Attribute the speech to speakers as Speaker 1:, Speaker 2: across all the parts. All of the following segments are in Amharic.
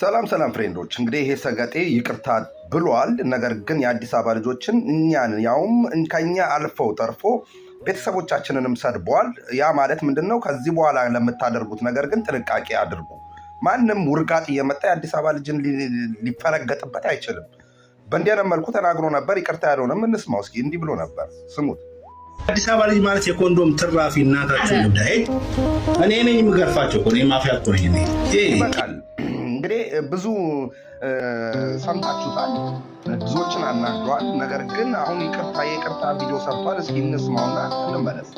Speaker 1: ሰላም ሰላም ፍሬንዶች፣ እንግዲህ ይሄ ሰገጤ ይቅርታ ብሏል። ነገር ግን የአዲስ አበባ ልጆችን እኛን ያውም ከኛ አልፈው ተርፎ ቤተሰቦቻችንንም ሰድበዋል። ያ ማለት ምንድን ነው? ከዚህ በኋላ ለምታደርጉት ነገር ግን ጥንቃቄ አድርጉ። ማንም ውርጋጥ እየመጣ የአዲስ አበባ ልጅን ሊፈረገጥበት አይችልም። በእንዲህ መልኩ ተናግሮ ነበር። ይቅርታ ያለሆነም እንስማው እስኪ። እንዲህ ብሎ ነበር፣ ስሙት።
Speaker 2: አዲስ አበባ ልጅ ማለት የኮንዶም ትራፊ እናታችሁ ጉዳይ እኔ ነኝ የምገርፋቸው እኮ ማፊያ እኮ
Speaker 1: እንግዲህ ብዙ ሰምታችሁታል፣ ብዙዎችን አናግሯል። ነገር ግን አሁን ይቅርታ የቅርታ ቪዲዮ ሰርቷል። እስኪ እንስማውና እንመለስ።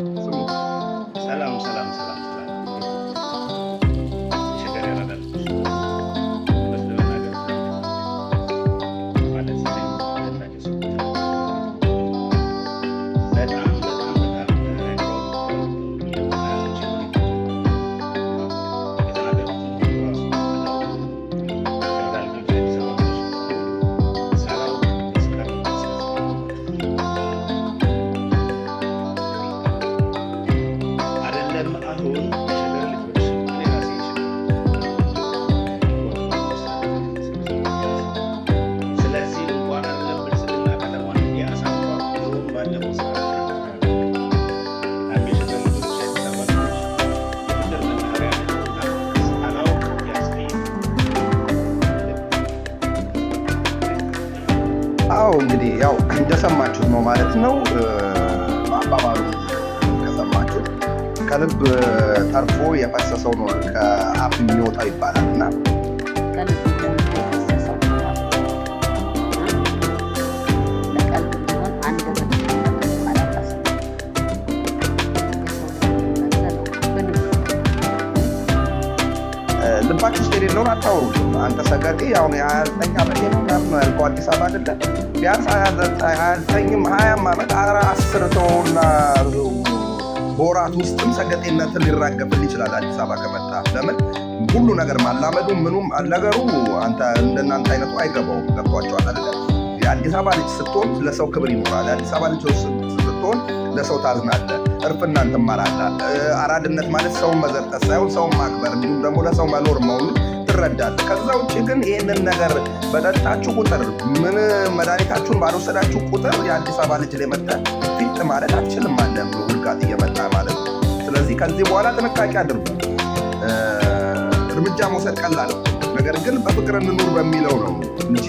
Speaker 1: ከልብ ተርፎ የፈሰሰው ነው ከአፍ የሚወጣው ይባላል እና ልባችሁ ውስጥ የሌለውን አታወሩ። አንተ ሰገጤ አሁን የሀያ ዘጠኝ ዓመት ምናምን እኮ አዲስ አበባ አይደለ ቢያንስ ሀያ ሀያም ዓመት አስር በወራት ውስጥም ሰገጤነትን ሊራገፍል ይችላል። አዲስ አበባ ከመጣ ለምን ሁሉ ነገር ማላመዱ ምኑም ነገሩ አንተ እንደናንተ አይነቱ አይገባውም። ገብቷቸዋል አለ። የአዲስ አበባ ልጅ ስትሆን ለሰው ክብር ይኖራል። የአዲስ አበባ ልጅ ስትሆን ለሰው ታዝናለ፣ እርፍና እንትን አራድነት ማለት ሰውን መዘርጠት ሳይሆን ሰውን ማክበር እንዲሁም ደግሞ ለሰው መኖር መሆኑን ይረዳል። ከዛ ውጭ ግን ይህንን ነገር በጠጣችሁ ቁጥር ምን መድኃኒታችሁን ባልወሰዳችሁ ቁጥር የአዲስ አበባ ልጅ ላይ መጣ ፊት ማለት አችልም አለ ውልጋት እየመጣ ማለት ነው። ስለዚህ ከዚህ በኋላ ጥንቃቄ አድርጉ። እርምጃ መውሰድ ቀላል ነው፣ ነገር ግን በፍቅር እንኑር በሚለው ነው እንጂ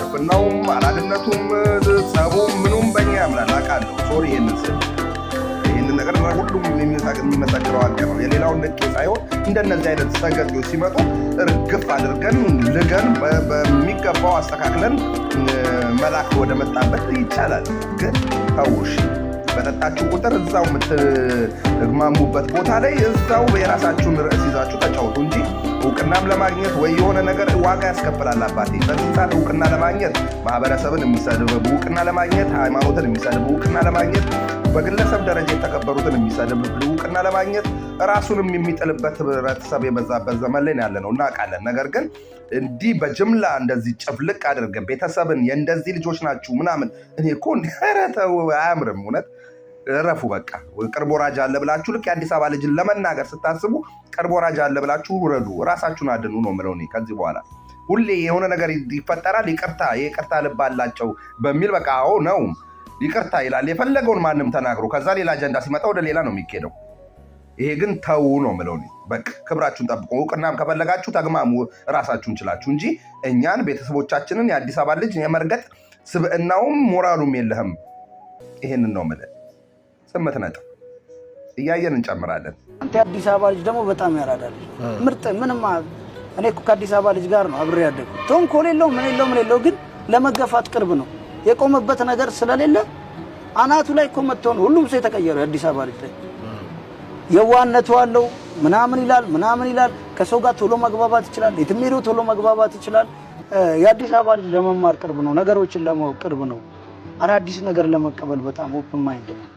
Speaker 1: እርፍናውም አላድነቱም ጸቡም ምኑም በእኛ ያምራል። አውቃለሁ ሶሪ ይህንን ስል ነገር ሁሉም የሚመሰክረው ሀገር ነው። የሌላውን ንቄ ሳይሆን እንደነዚህ አይነት ሰገጤዎች ሲመጡ እርግፍ አድርገን ልገን በሚገባው አስተካክለን መላክ ወደ መጣበት ይቻላል። ግን ታውሽ በጠጣችሁ ቁጥር እዛው የምትግማሙበት ቦታ ላይ እዛው የራሳችሁን ርዕስ ይዛችሁ ተጫወቱ እንጂ እውቅናም ለማግኘት ወይ የሆነ ነገር ዋጋ ያስከፍላል። አባቴ በዚህ እውቅና ለማግኘት ማህበረሰብን የሚሰድብ እውቅና ለማግኘት ሃይማኖትን የሚሰድብ እውቅና ለማግኘት በግለሰብ ደረጃ የተከበሩትን የሚሰድብ እውቅና ለማግኘት ራሱንም የሚጥልበት ህብረተሰብ የበዛበት ዘመን ላይ ያለ ነው እናውቃለን። ነገር ግን እንዲህ በጅምላ እንደዚህ ጭፍልቅ አድርገን ቤተሰብን የእንደዚህ ልጆች ናችሁ ምናምን እኔ እኮ ኧረ ተው አያምርም እውነት እረፉ። በቃ ቅርብ ወራጅ አለ ብላችሁ ልክ የአዲስ አበባ ልጅን ለመናገር ስታስቡ ቅርብ ወራጅ አለ ብላችሁ ውረዱ። ራሳችሁን አድኑ ነው የምለው እኔ ከዚህ በኋላ ሁሌ የሆነ ነገር ይፈጠራል። ይቅርታ ይቅርታ ልብ አላቸው በሚል በቃ አዎ ነው ይቅርታ ይላል የፈለገውን ማንም ተናግሮ፣ ከዛ ሌላ አጀንዳ ሲመጣ ወደ ሌላ ነው የሚኬደው። ይሄ ግን ተው ነው ምለው እኔ በቃ ክብራችሁን ጠብቁ። እውቅናም ከፈለጋችሁ ተግማሙ ራሳችሁን ችላችሁ እንጂ እኛን ቤተሰቦቻችንን የአዲስ አበባ ልጅ የመርገጥ ስብዕናውም ሞራሉም የለህም። ይሄንን ነው የምልህ። ስምንት ነጥብ እያየን እንጨምራለን። አንተ የአዲስ አበባ ልጅ ደግሞ በጣም ያራዳል። ምርጥ ምንም እኔ እኮ ከአዲስ አበባ ልጅ ጋር ነው አብሬ ያደጉ። ተንኮል የለው ምን የለው ምን የለው፣ ግን ለመገፋት ቅርብ ነው። የቆመበት ነገር ስለሌለ አናቱ ላይ እኮ መጥቶ ነው ሁሉም ሰው የተቀየረው። የአዲስ አበባ ልጅ ላይ የዋነቱ አለው ምናምን ይላል ምናምን ይላል። ከሰው ጋር ቶሎ መግባባት ይችላል። የትም ሄዶ ቶሎ መግባባት ይችላል። የአዲስ አበባ ልጅ ለመማር ቅርብ ነው። ነገሮችን ለማወቅ ቅርብ ነው። አዳዲስ ነገር ለመቀበል በጣም ኦፕን ማይንድ ነው።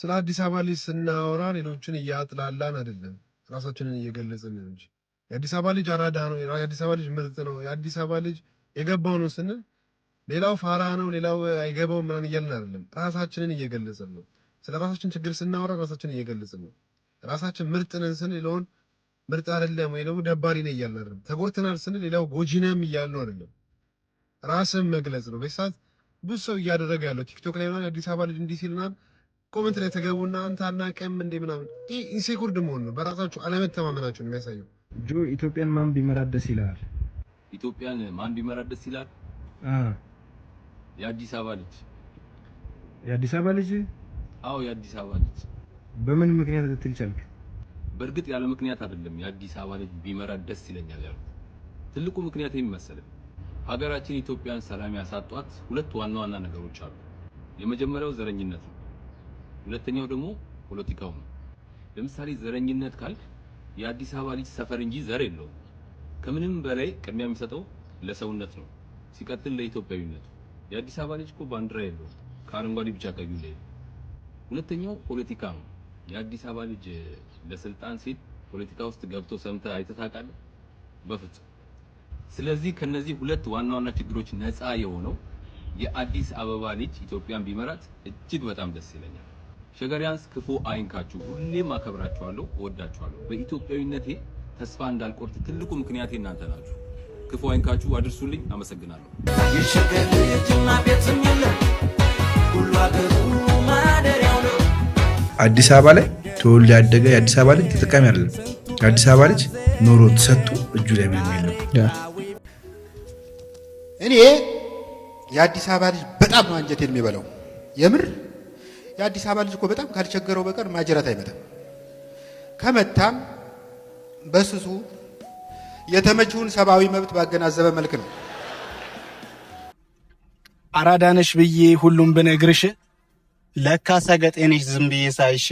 Speaker 1: ስለ አዲስ አበባ ልጅ ስናወራ ሌሎችን እያጥላላን አይደለም፣ ራሳችንን እየገለጽን ነው እንጂ የአዲስ አበባ ልጅ አራዳ ነው፣ የአዲስ አበባ ልጅ ምርጥ ነው፣ የአዲስ አበባ ልጅ የገባው ነው ስንል ሌላው ፋራ ነው፣ ሌላው አይገባው ምናምን እያልን አይደለም። ራሳችንን እየገለጽን ነው። ስለ ራሳችን ችግር ስናወራ ራሳችንን እየገለጽን ነው። ራሳችን ምርጥ ነን ስንል ሌላውን ምርጥ አይደለም ወይ ደግሞ ደባሪ ነው እያልን አይደለም። ተጎድተናል ስንል ሌላው ጎጂ ነም እያልን አይደለም። ራስን መግለጽ ነው። በሳት ብዙ ሰው እያደረገ ያለው ቲክቶክ ላይ አዲስ አበባ ልጅ እንዲህ ሲልናል ኮመንት ላይ ተገቡና አንተ አናቀም እንዴ ምናምን ኢንሴኩርድ መሆን ነው፣ በራሳችሁ አለመተማመናችሁ ነው የሚያሳየው። ጆ ኢትዮጵያን ማን ቢመራት ደስ ይላል? ኢትዮጵያን ማን ቢመራት ደስ ይላል? የአዲስ አበባ ልጅ። የአዲስ አበባ ልጅ? አዎ የአዲስ አበባ ልጅ። በምን ምክንያት ልትል ቻልክ? በእርግጥ ያለ ምክንያት አይደለም የአዲስ አበባ ልጅ ቢመራት ደስ ይለኛል ያሉት። ትልቁ ምክንያት የሚመስለው ሀገራችን ኢትዮጵያን ሰላም ያሳጧት ሁለት ዋና ዋና ነገሮች አሉ። የመጀመሪያው ዘረኝነት ነው። ሁለተኛው ደግሞ ፖለቲካው ነው። ለምሳሌ ዘረኝነት ካልክ የአዲስ አበባ ልጅ ሰፈር እንጂ ዘር የለውም። ከምንም በላይ ቅድሚያ የሚሰጠው ለሰውነት ነው። ሲቀጥል ለኢትዮጵያዊነት። የአዲስ አበባ ልጅ እኮ ባንዲራ የለውም ከአረንጓዴ ብቻ ቀዩ ላይ። ሁለተኛው ፖለቲካ ነው። የአዲስ አበባ ልጅ ለስልጣን ሲል ፖለቲካ ውስጥ ገብቶ ሰምተህ አይተህ ታውቃለህ? በፍጹም። ስለዚህ ከነዚህ ሁለት ዋና ዋና ችግሮች ነፃ የሆነው የአዲስ አበባ ልጅ ኢትዮጵያን ቢመራት እጅግ በጣም ደስ ይለኛል። ሸገሪያንስ ክፉ አይንካችሁ። ሁሌም አከብራችኋለሁ፣ እወዳችኋለሁ። በኢትዮጵያዊነቴ ተስፋ እንዳልቆርጥ ትልቁ ምክንያቴ እናንተ ናችሁ። ክፉ አይንካችሁ፣ አድርሱልኝ። አመሰግናለሁ። የሸገር ቤትም የለም ሁሉ አገሩ ማደሪያው ነው። አዲስ አበባ ላይ ተወልዶ ያደገ የአዲስ አበባ ልጅ ተጠቃሚ አይደለም። የአዲስ አበባ ልጅ ኖሮ ተሰጥቶ እጁ ላይ ምንም የለም። እኔ የአዲስ አበባ ልጅ በጣም ነው አንጀቴን የሚበላው የምር የአዲስ አበባ ልጅ እኮ በጣም ካልቸገረው በቀር ማጅራት አይመጣም። ከመታም በስሱ የተመችውን ሰብአዊ መብት ባገናዘበ መልክ ነው። አራዳነሽ ብዬ ሁሉም ብነግርሽ ለካ ሰገጤነሽ ዝም ብዬ ሳይሽ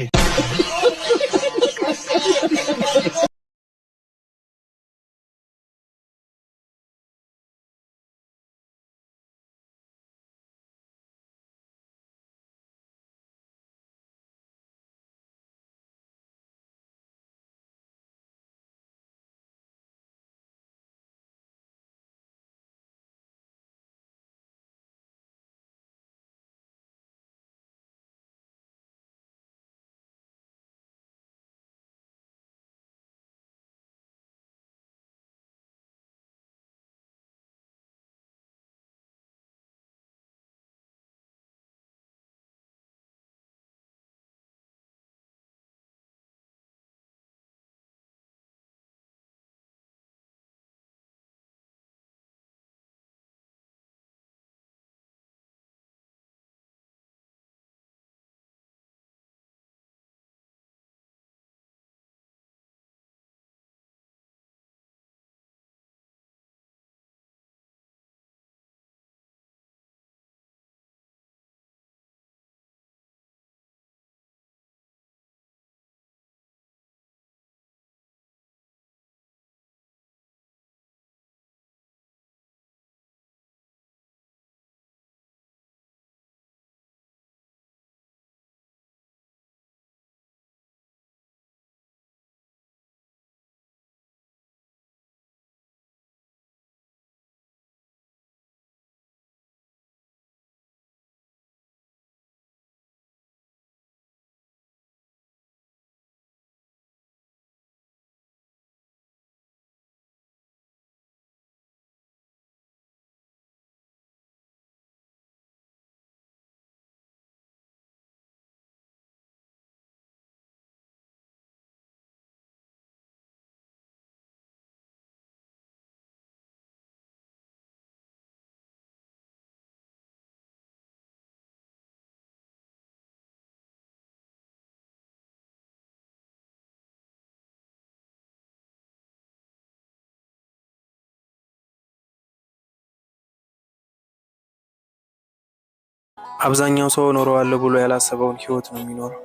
Speaker 1: አብዛኛው ሰው እኖረዋለሁ ብሎ ያላሰበውን ህይወት ነው የሚኖረው።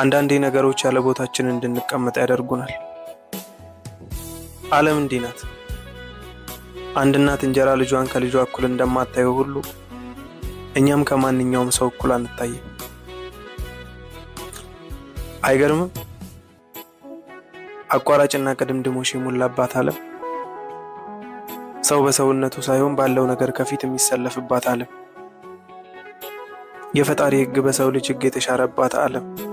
Speaker 1: አንዳንዴ ነገሮች ያለ ቦታችን እንድንቀመጥ ያደርጉናል። ዓለም እንዲህ ናት። አንድ እናት እንጀራ ልጇን ከልጇ እኩል እንደማታየው ሁሉ እኛም ከማንኛውም ሰው እኩል አንታይም። አይገርምም? አቋራጭና ቅድምድሞሽ የሞላባት ዓለም ሰው በሰውነቱ ሳይሆን ባለው ነገር ከፊት የሚሰለፍባት ዓለም፣ የፈጣሪ ሕግ በሰው ልጅ ሕግ የተሻረባት ዓለም